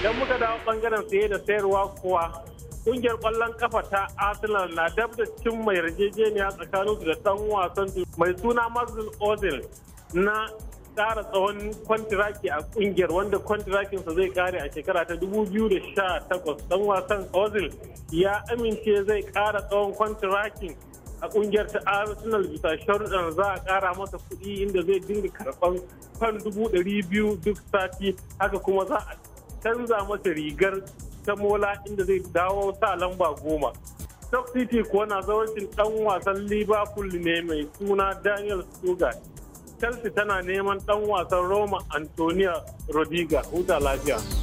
Idan muka dawo bangaren saye da sayarwa kuwa kungiyar kwallon kafa ta Arsenal na dab da cimma yarjejeniya su da dan wasan mai suna Mazlum Ozil na kara tsawon kwantiraki a kungiyar wanda sa zai kare a shekara ta da 2018 dan wasan ozil ya amince zai kara tsawon kwantirakin a kungiyar ta arsenal bisa sharuɗan za a kara masa kuɗi inda zai dinga karɓan kan 200,000 duk sati haka kuma za a canza masa rigar ta mola inda zai dawo sa lamba goma stock city kuwa na zawarcin dan wasan liverpool ne mai suna daniel stuga chelsea tana neman dan wasan roma antonio rodiga huta lafiya